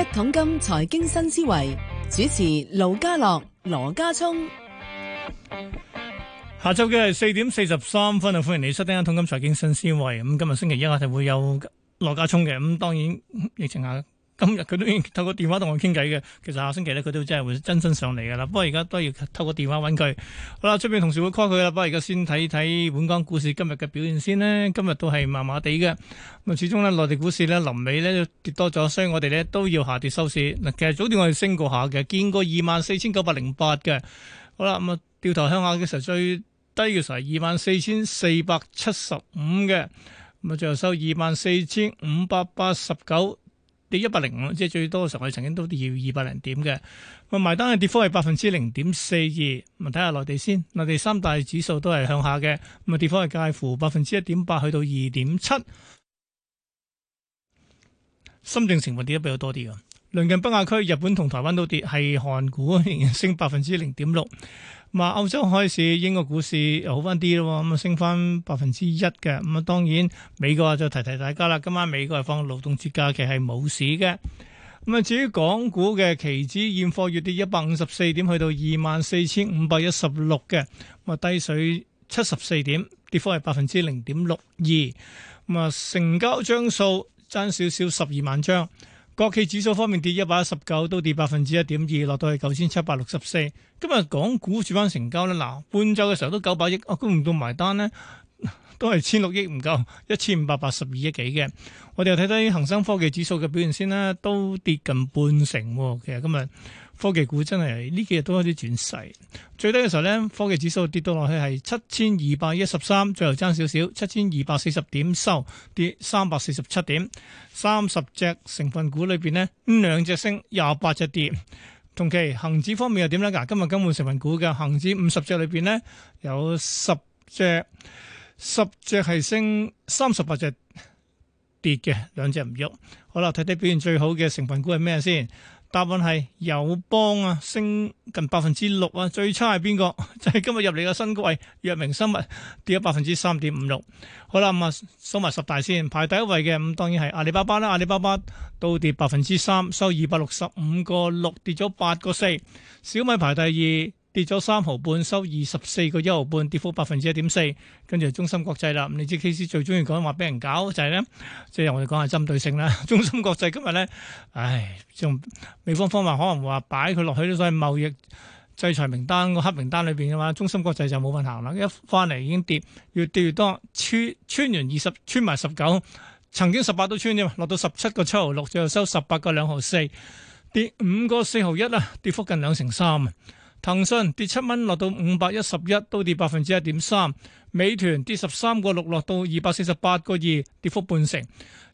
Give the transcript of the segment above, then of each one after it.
一桶金財經新思維主持盧家樂、羅家聰，下晝嘅四點四十三分啊！歡迎你收聽一桶金財經新思維。咁今日星期一我哋會有羅家聰嘅。咁當然、嗯、疫情下。今日佢都已經透過電話同我傾偈嘅。其實下星期咧，佢都真係會真身上嚟噶啦。不過而家都要透過電話揾佢。好啦，出邊同事會 call 佢啦。不過而家先睇睇本港股市今日嘅表現先咧。今日都係麻麻地嘅。咁啊，始終咧內地股市咧臨尾咧跌多咗，所以我哋咧都要下跌收市。嗱，其實早段我哋升過下嘅，見過二萬四千九百零八嘅。好啦，咁啊掉頭向下嘅時候，最低嘅時候二萬四千四百七十五嘅，咁啊，就收二萬四千五百八十九。跌一百零五，100，即係最多嘅時候，我曾經都要二百零點嘅。咁埋單嘅跌幅係百分之零點四二。咁睇下內地先，內地三大指數都係向下嘅，咁啊，跌幅係介乎百分之一點八去到二點七。深證成分跌得比較多啲嘅。鄰近北亞區，日本同台灣都跌，係韓股仍然升百分之零點六。咁啊，歐洲開市，英國股市又好翻啲咯，咁啊升翻百分之一嘅。咁啊，當然美國就提提大家啦，今晚美國係放勞動節假期，係冇市嘅。咁啊，至於港股嘅期指，現貨月跌一百五十四點，去到二萬四千五百一十六嘅，咁啊低水七十四點，跌幅係百分之零點六二。咁啊，成交張數爭少少，十二萬張。國企指數方面跌一百一十九，都跌百分之一點二，落到去九千七百六十四。今日港股主板成交咧，嗱，半晝嘅時候都九百億，啊，估唔到埋單咧，都係千六億唔夠，一千五百八十二億幾嘅。我哋又睇睇恒生科技指數嘅表現先啦，都跌近半成。其實今日。科技股真係呢幾日都有啲轉勢，最低嘅時候咧，科技指數跌到落去係七千二百一十三，最後爭少少七千二百四十點收，跌三百四十七點。三十隻成分股裏邊呢，咁兩隻升，廿八隻跌。同期恒指方面又點呢？嗱，今日更換成分股嘅恒指五十隻裏邊呢，有十隻，十隻係升，三十八隻跌嘅，兩隻唔喐。好啦，睇睇表現最好嘅成分股係咩先。答案係友邦啊，升近百分之六啊，最差係邊個？ 就係今日入嚟嘅新高貴藥明生物，跌咗百分之三點五六。好啦，咁啊，收埋十大先，排第一位嘅，咁當然係阿里巴巴啦。阿里巴巴都跌百分之三，收二百六十五個六，跌咗八個四。小米排第二。跌咗三毫半，收二十四個一毫半，跌幅百分之一點四。跟住中心國際啦，你知 K C 最中意講話俾人搞就係咧，即係我哋講下針對性啦。中心國際今日咧，唉，仲美方方話可能話擺佢落去啲所謂貿易制裁名單個黑名單裏邊啊，中心國際就冇份行啦。一翻嚟已經跌，越跌越多，穿穿完二十，穿埋十九，曾經十八都穿添，落到十七個七毫六，最後收十八個兩毫四，跌五個四毫一啊，跌幅近兩成三。騰訊跌七蚊，落到五百一十一，都跌百分之一點三。美團跌十三個六，落到二百四十八個二，跌幅半成。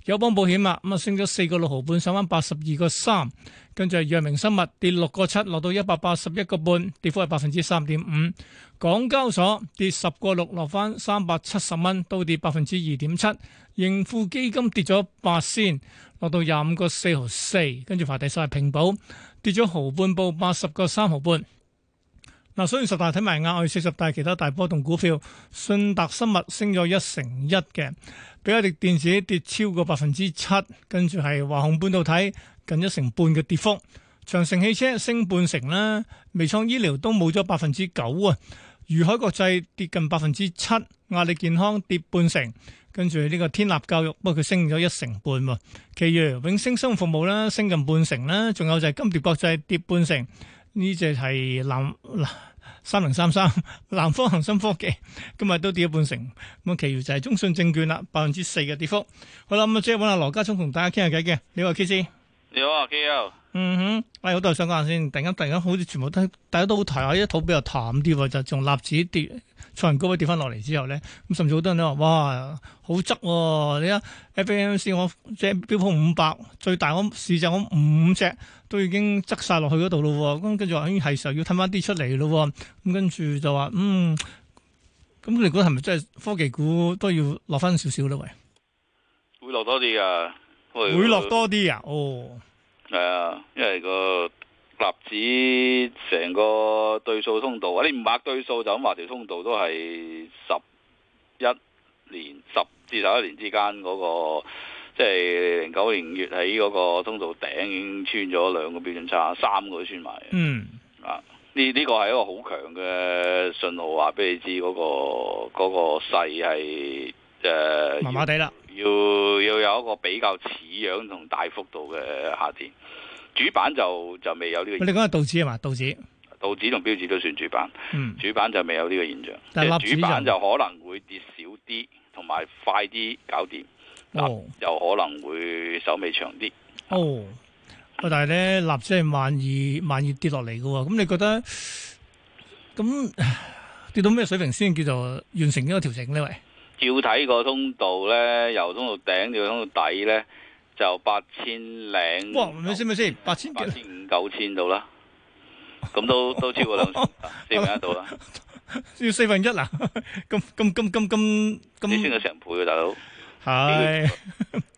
友邦保險啊，咁啊升咗四個六毫半，上翻八十二個三。跟住藥明生物跌六個七，落到一百八十一個半，跌幅係百分之三點五。港交所跌十個六，落翻三百七十蚊，都跌百分之二點七。盈富基金跌咗八仙，落到廿五個四毫四。跟住華地晒平保跌咗毫半，報八十個三毫半。嗱，所以十大睇埋，額外四十大其他大波動股票，信達生物升咗一成一嘅，比亞迪電子跌超過百分之七，跟住係華虹半導體近一成半嘅跌幅，長城汽車升半成啦，微創醫療都冇咗百分之九啊，如海國際跌近百分之七，亞力健康跌半成，跟住呢個天立教育不過佢升咗一成半，其餘永升生活服務啦升近半成啦，仲有就係金蝶國際跌半成。呢隻係南南三零三三南方恒生科技，今日都跌咗半成，咁其餘就係中信證券啦，百分之四嘅跌幅。好 啦，咁即係揾阿羅家聰同大家傾下偈嘅，你 好，啊 K C，你好啊，K L。嗯哼，喂、哎，好多想講下先，突然間突然間好似全部都大家都好睇啊，較一吐比較淡啲，就仲立止跌，創人高位跌翻落嚟之後咧，咁甚至好多人都話哇，好側喎、啊，你睇 FAMC 我即係標普五百最大我市值我五隻都已經側晒落去嗰度咯，咁跟住話係時候要褪翻啲出嚟咯，咁跟住就話嗯，咁你估係咪真係科技股都要落翻少少喂，會落多啲噶，會落多啲啊，哦。係啊，因為個納指成個對數通道，你唔畫對數就咁畫條通道都係十一年十至十一年之間嗰、嗰個，即係零九年五月喺嗰個通道頂已經穿咗兩個標準差，三個都穿埋。嗯啊，呢呢個係一個好強嘅信號，話俾你知、嗰、嗰個嗰、嗰個勢係。麻麻地啦，要要有一個比較似樣同大幅度嘅下跌，主板就就未有呢個現象。你講係道指啊嘛，道指、道指同標指都算主板，嗯、主板就未有呢個現象。但係主板就可能會跌少啲，同埋快啲搞掂，又、哦、可能會手尾長啲、哦。哦，但係咧，納指係萬二萬二跌落嚟噶喎，咁你覺得咁跌到咩水平先叫做完成呢個調整呢？喂？照睇個通道咧，由通道頂到通道底咧，就八千零，哇，唔先唔先，八千八千五九千到啦，咁都 都超過兩四分一度啦， 要四分一啊？咁咁咁咁咁咁，先係成倍大佬，係是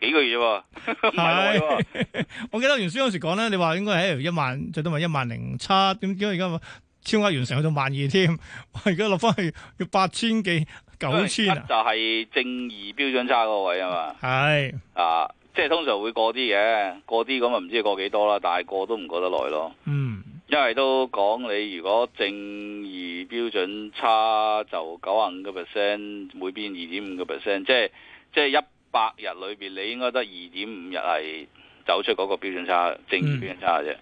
幾個月喎？係， 我記得原先嗰時講咧，你話應該係一萬，最多咪一萬零七點幾，叫而家超額完成有到萬二添，而家落翻去要八千幾九千啊，就係正二標準差嗰位啊嘛。係是啊，即係通常會過啲嘅，過啲咁啊唔知過幾多啦，但係過都唔過得耐咯。嗯，因為都講你如果正二標準差就九啊五個 percent，每邊二點五個 percent，即係即係一百日裏邊，你應該得二點五日係走出嗰個標準差正二標準差啫。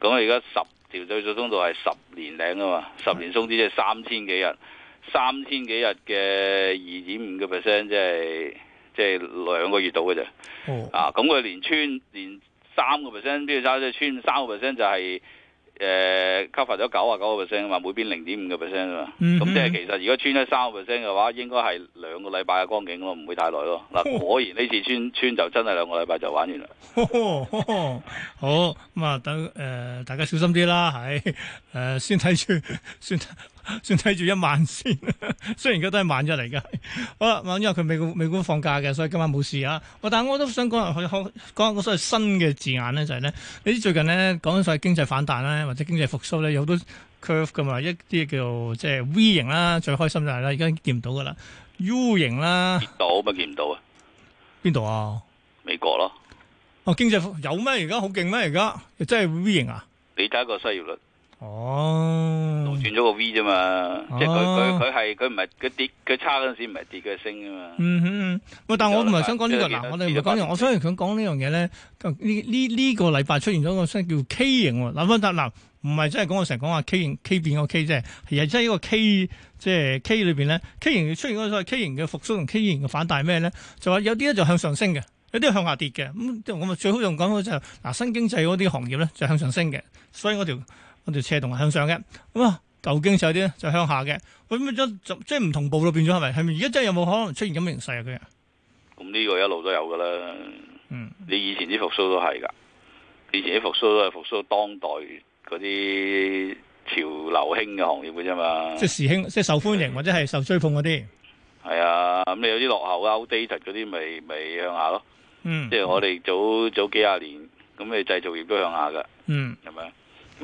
咁你而家十。條對數通道係十年領啊嘛，十年鬆啲即係三千幾日，三千幾日嘅二點五個 percent，即係即係兩個月到嘅啫。嗯、啊，咁佢連穿連三個 percent，邊個揸即穿三個 percent 就係。就是誒 cover 咗九啊九個 percent 啊嘛，每邊零點五個 percent 啊嘛，咁即係其實如果穿咗三個 percent 嘅話，應該係兩個禮拜嘅光景咯，唔會太耐咯。嗱， 果然呢次穿穿就真係兩個禮拜就玩完啦。 好咁啊，等誒大家小心啲啦，係誒先睇穿先睇。算睇住一晚先，雖然而家都係晚一嚟噶。好啦，晚一因為佢美國美股放假嘅，所以今晚冇事啊。哦、但我但係我都想講下佢講嗰所謂新嘅字眼咧，就係、是、咧，你知最近咧講緊所謂經濟反彈啦，或者經濟復甦咧，有好多 curve 噶嘛，一啲叫做即係 V 型啦，最開心就係咧，而家見唔到噶啦 U 型啦，跌到咪見唔到啊？邊度啊？美國咯？哦、啊，經濟復甦有咩而家好勁咩？而家真係 V 型啊？你睇個失業率。哦，羅轉咗個 V 啫，哦、嘛，即係佢佢佢係佢唔係佢跌佢差嗰陣時唔係跌佢升㗎嘛。嗯哼，我但我唔係想講呢、這個嗱，我哋唔係講我所以想講呢樣嘢咧。呢呢呢個禮拜出現咗個聲叫 K 型。諗翻答嗱，唔、啊、係、啊、真係講我成日講話 K 型 K 變個 K 啫，而係真係呢個 K 即係 K 裏邊咧 K 型出現嗰所謂 K 型嘅復甦同 K 型嘅反彈咩咧？就話有啲咧就向上升嘅，有啲向下跌嘅咁。我咪最好用講就嗱新經濟嗰啲行業咧就向上升嘅，所以我條。跟住車動向上嘅，咁、嗯、啊舊經濟啲咧就向下嘅，咁變咗就即係唔同步咯，變咗係咪？係咪？而家真係有冇可能出現咁嘅形勢啊？佢咁呢個一路都有噶啦，嗯，你以前啲復甦都係噶，以前啲復甦都係復甦當代嗰啲潮流興嘅行業嘅啫嘛，即係時興，即係受歡迎或者係受追捧嗰啲，係啊，咁你有啲落後啊 outdated 嗰啲咪咪向下咯，嗯，即係我哋早早幾廿年咁你製造業都向下噶，嗯，係咪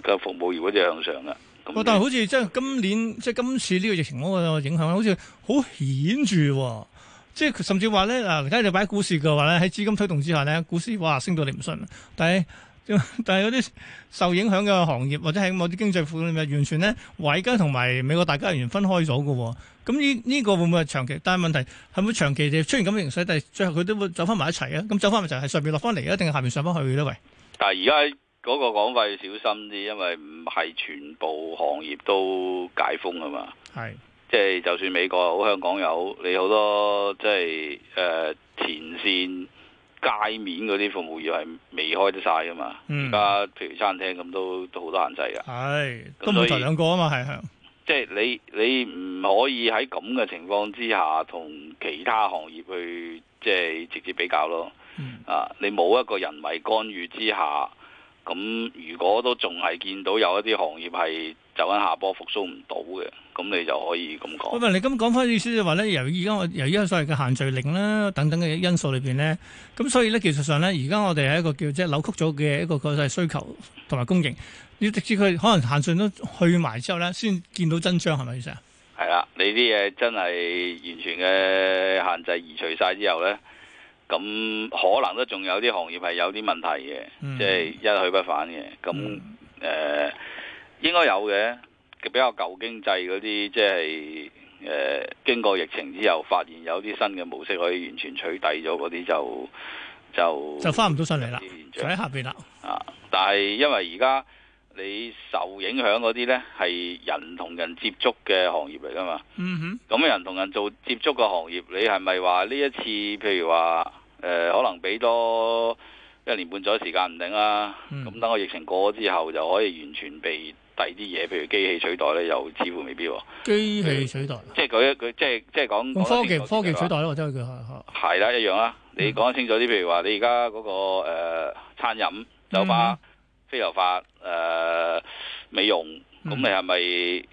個服務業只向上嘅，但係好似即係今年，即係今次呢個疫情嗰個影響好似好顯著、哦，即係甚至話咧嗱，而、啊、家你擺喺股市嘅話咧，喺資金推動之下咧，股市哇升到你唔信，但係但係嗰啲受影響嘅行業或者喺某啲經濟方面完全算咧，位家同埋美國大家人員分開咗嘅、哦，咁呢呢個會唔會係長期？但係問題係唔會長期嘅出現咁嘅形勢，但係最後佢都會走翻埋一齊啊？咁走翻咪就係上邊落翻嚟啊？定係下面上翻去咧？喂，但係而家。嗰個講法要小心啲，因為唔係全部行業都解封啊嘛。係是，即係就算美國好，香港有你好多即係誒、呃、前線街面嗰啲服務業係未開得晒啊嘛。而家、嗯、譬如餐廳咁都都好多限制㗎。係是，都唔同兩個啊嘛。係即係你你唔可以喺咁嘅情況之下同其他行業去即係直接比較咯。嗯、啊，你冇一個人為干預之下。咁如果都仲係見到有一啲行業係走緊下坡復甦唔到嘅，咁你就可以咁講。喂，啊，你咁講翻意思就話咧，由而家我由於所謂嘅限聚令啦等等嘅因素裏邊咧，咁所以咧技術上咧，而家我哋係一個叫即係扭曲咗嘅一個個體需求同埋供應，要直至佢可能限聚都去埋之後咧，先見到真章係咪先啊？係啦，你啲嘢真係完全嘅限制移除晒之後咧。咁可能都仲有啲行業係有啲問題嘅，即係、嗯、一去不返嘅。咁誒、嗯呃、應該有嘅，比較舊經濟嗰啲，即係誒經過疫情之後發現有啲新嘅模式可以完全取替咗嗰啲，就就就翻唔到上嚟啦，喺下邊啦。啊！但係因為而家你受影響嗰啲咧係人同人接觸嘅行業嚟噶嘛？咁、嗯、哼人同人做接觸嘅行業，你係咪話呢一次譬如話。誒、呃、可能俾多一年半載時間唔定啦。咁、嗯、等個疫情過咗之後，就可以完全被第二啲嘢，譬如機器取代咧，又似乎未必機器取代，呃、即係佢佢即係即係講科技講科技取代咯，真係佢係啦一樣啦。你講得清楚啲，譬如話你而家嗰個、呃、餐飲、酒吧、非油化誒美容，咁、嗯、你係咪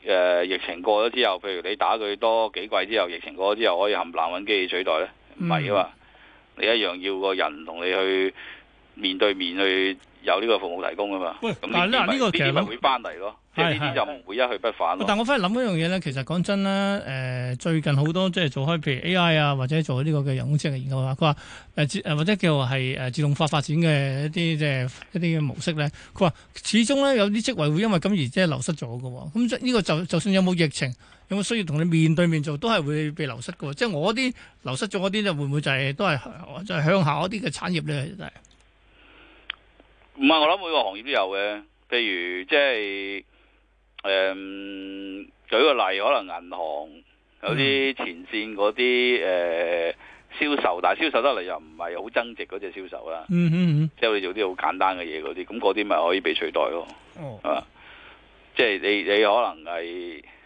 誒疫情過咗之後，譬如你打佢多幾季之後，疫情過咗之後，可以冚唪唥揾機器取代咧？唔係啊嘛。你一樣要個人同你去面對面去有呢個服務提供㗎嘛，咁呢呢個點點咪會返嚟咯？呢啲就唔會一去不返。係係， 但我反而諗一樣嘢咧，其實講真啦，誒、呃、最近好多即係做開譬如 A.I. 啊，或者做呢個嘅人工智能研究啊，佢話誒或者叫做係自動化發展嘅一啲即係一啲嘅模式咧，佢話始終咧有啲職位會因為咁而即係流失咗嘅。咁、嗯、呢、這個就就算有冇疫情，有冇需要同你面對面做，都係會被流失嘅。即係我啲流失咗嗰啲，會唔會就係、是、都係向、就是、向下嗰啲嘅產業咧？唔係，我諗每個行業都有嘅，譬如即係。誒，um, 舉個例，可能銀行有啲前線嗰啲誒銷售，但係銷售得嚟又唔係好增值嗰隻銷售啦。嗯嗯嗯，即、hmm. 係做啲好簡單嘅嘢嗰啲，咁嗰啲咪可以被取代咯。哦、oh.，即係你你可能係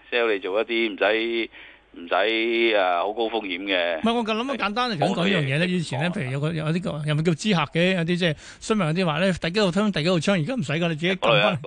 即 e 你做一啲唔使。唔使誒，好、啊、高風險嘅。唔係，我咁諗啊，簡單嚟講講呢樣嘢咧。以前咧，譬、嗯、如有個有啲個，又咪叫知客嘅，有啲即係詢問有啲話咧，第幾號窗？第幾號窗？而家唔使噶，你自己撳翻。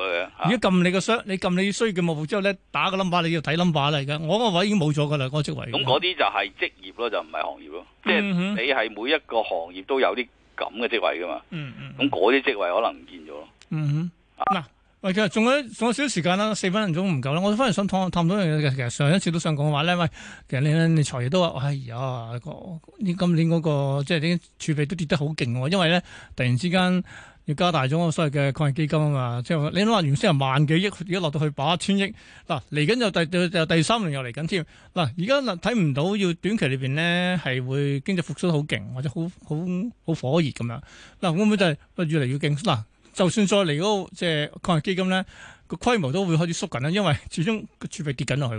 如果撳你個箱，你撳你需要嘅幕之後咧，打個 number 你要睇 number 嚟㗎。而家我嗰個位已經冇咗噶啦，嗰、嗰個職位。咁嗰啲就係職業咯，就唔係行業咯。即係你係每一個行業都有啲咁嘅職位噶嘛。嗯，咁嗰啲職位可能唔見咗咯。嗯哼。嗱、嗯。嗯嗯啊。喂，仲有仲有少少時間啦，四分鐘唔夠啦。我翻嚟想探探多樣嘢嘅，其實上一次都想講話咧，喂，其實咧你財爺都話，哎呀，今年嗰個即係啲儲備都跌得好勁喎，因為咧突然之間要加大咗我所謂嘅抗疫基金啊嘛，即係你諗下原先係萬幾億，而家落到去八千億，嗱嚟緊就第就第三輪又嚟緊添，嗱而家嗱睇唔到要短期裏邊咧係會經濟復甦得好勁或者好好好火熱咁樣，嗱會唔會就係越嚟越勁嗱？就算再嚟嗰即係抗疫基金咧，個規模都會開始縮緊啦，因為始終個儲備跌緊落去。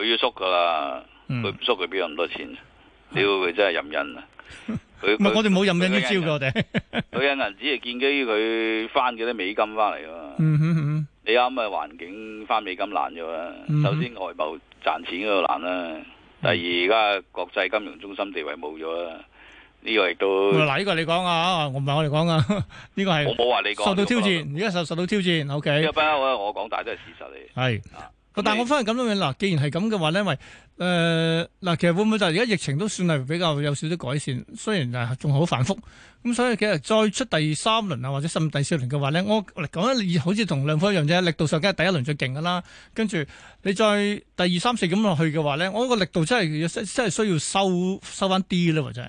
佢要縮噶啦，佢唔、嗯、縮佢邊有咁多錢？屌佢、嗯、真係任印啊！唔係我哋冇任印呢招嘅，我哋嗰啲銀紙係建基於佢翻幾多美金翻嚟啊嘛。嗯、哼哼你啱啊，環境翻美金難咗嘛。嗯、首先外貿賺錢嗰度難啦，第二而家國際金融中心地位冇咗啦。 呢個亦都嗱，呢個你講啊，我唔係我哋講啊。呢、這個係我冇話你講，受到挑戰而家受受到挑戰。OK，我我講，但都係事實嚟係。啊、是你但係我反而咁樣嗱，既然係咁嘅話咧，喂誒嗱，其實會唔會就係而家疫情都算係比較有少少改善？雖然啊，仲好反覆咁，所以其實再出第三輪啊，或者甚至第四輪嘅話咧，我講咧，好似同兩方一樣啫，力度上梗係第一輪最勁噶啦。跟住你再第二三四咁落去嘅話咧，我個力度真係真係需要收收翻啲啦，真係。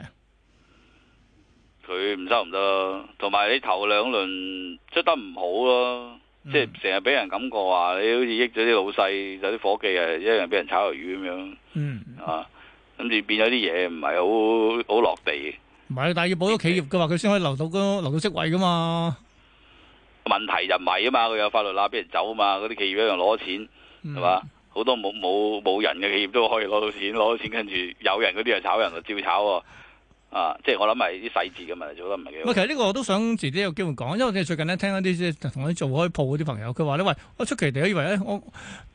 佢唔收唔得，同埋你頭兩輪出得唔好咯，啊，嗯、即係成日俾人感覺話你好似益咗啲老細，有啲伙計啊一樣俾人炒魷魚咁樣，嗯啊，跟住變咗啲嘢唔係好好落地唔係，但係要保咗企業嘅話，佢先可以留到嗰留到職位噶嘛。問題就唔係啊嘛，佢有法律罅俾人走啊嘛，嗰啲企業一樣攞錢係嘛，好、嗯、多冇冇冇人嘅企業都可以攞到錢，攞到錢跟住有人嗰啲啊炒人，人就照炒喎，啊。啊，即係我諗係啲細節嘅問題，做得唔係幾好。其實呢個我都想自己有機會講，因為我哋最近咧聽一啲即係同啲做開鋪嗰啲朋友，佢話咧喂，我出奇地，以為咧，我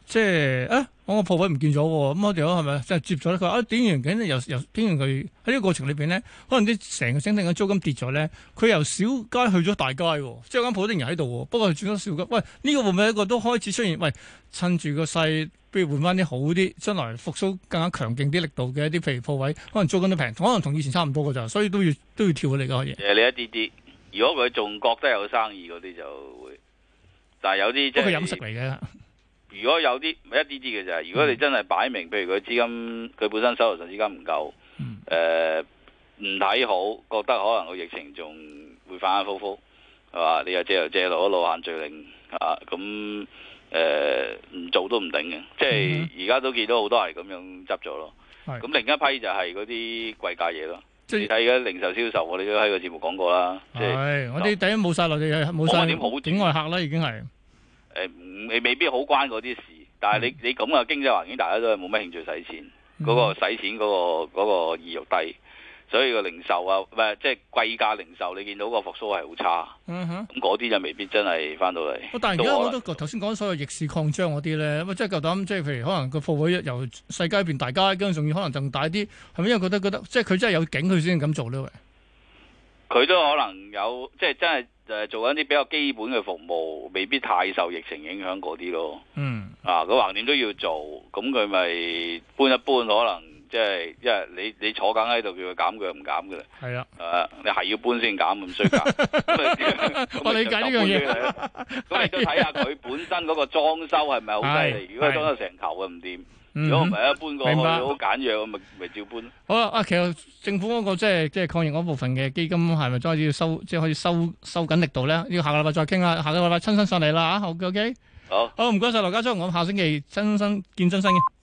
即係啊，我個鋪位唔見咗喎，咁我哋講係咪即係、接咗咧？佢話啊，點完景咧，又又點完佢喺呢個過程裏邊呢，可能啲成個整定嘅租金跌咗呢。」佢由小街去咗大街喎，即係間鋪都有人喺度喎，不過轉咗小街。喂，呢、呢個會唔會一個都開始出現？喂，趁住個勢。不如換翻啲好啲，將來復甦更加強勁啲力度嘅一啲譬如鋪位，可能租金都平，可能同以前差唔多㗎咋。所以都要都要跳嚟嘅可以。誒，你一啲啲。如果佢仲覺得有生意嗰啲就會，但係有啲即係飲食嚟嘅。如果有啲咪一啲啲嘅咋？如果你真係擺明，嗯、譬如佢資金佢本身收入上資金唔夠，誒唔睇好，覺得可能個疫情仲會反反覆覆，係嘛？你又借又借，老一路一路限聚令啊咁。誒，唔、呃、做都唔頂嘅，即係而家都見到好多係咁樣執咗咯。咁、嗯嗯嗯、另一批就係嗰啲貴價嘢咯。即你睇而家零售銷售，我哋都喺個節目講過啦。係，我哋第一冇晒落去，冇晒。點好？境外客啦，已經係誒、呃，未未必好關嗰啲事。但係你、嗯、你咁嘅經濟環境，大家都係冇乜興趣使錢，嗰、嗯、個使錢嗰、嗰個、嗰個意欲低。所以個零售啊，唔、呃、係即係貴價零售，你見到個復甦係好差，咁嗰啲就未必真係翻到嚟。但係而家我都頭先講所有逆市擴張嗰啲咧，咁即係夠膽，即係譬如可能個貨位由細街變大街，跟住仲要可能仲大啲，係咪因為覺得覺得即係佢真係有景，佢先至敢做咧？佢都可能有，即係真係誒做緊啲比較基本嘅服務，未必太受疫情影響嗰啲咯。嗯、um. 啊，佢橫掂都要做，咁佢咪搬一搬可能？即係，因為你你坐緊喺度叫佢減，佢唔減嘅啦。係啊，誒，你係要搬先減，咁衰嘅。我理解呢樣嘢。咁你都睇下佢本身嗰個裝修係咪好犀利？如果裝修成球嘅唔掂，如果唔係，搬過去好簡約，咪咪照搬。好啦，啊，其實政府嗰個即係即係抗疫嗰部分嘅基金係咪開始要收？即係開始收收緊力度咧？要下個禮拜再傾啦。下個禮拜親身上嚟啦啊！好，OK。好。好，唔該曬羅家聰，我下星期親身見真身嘅。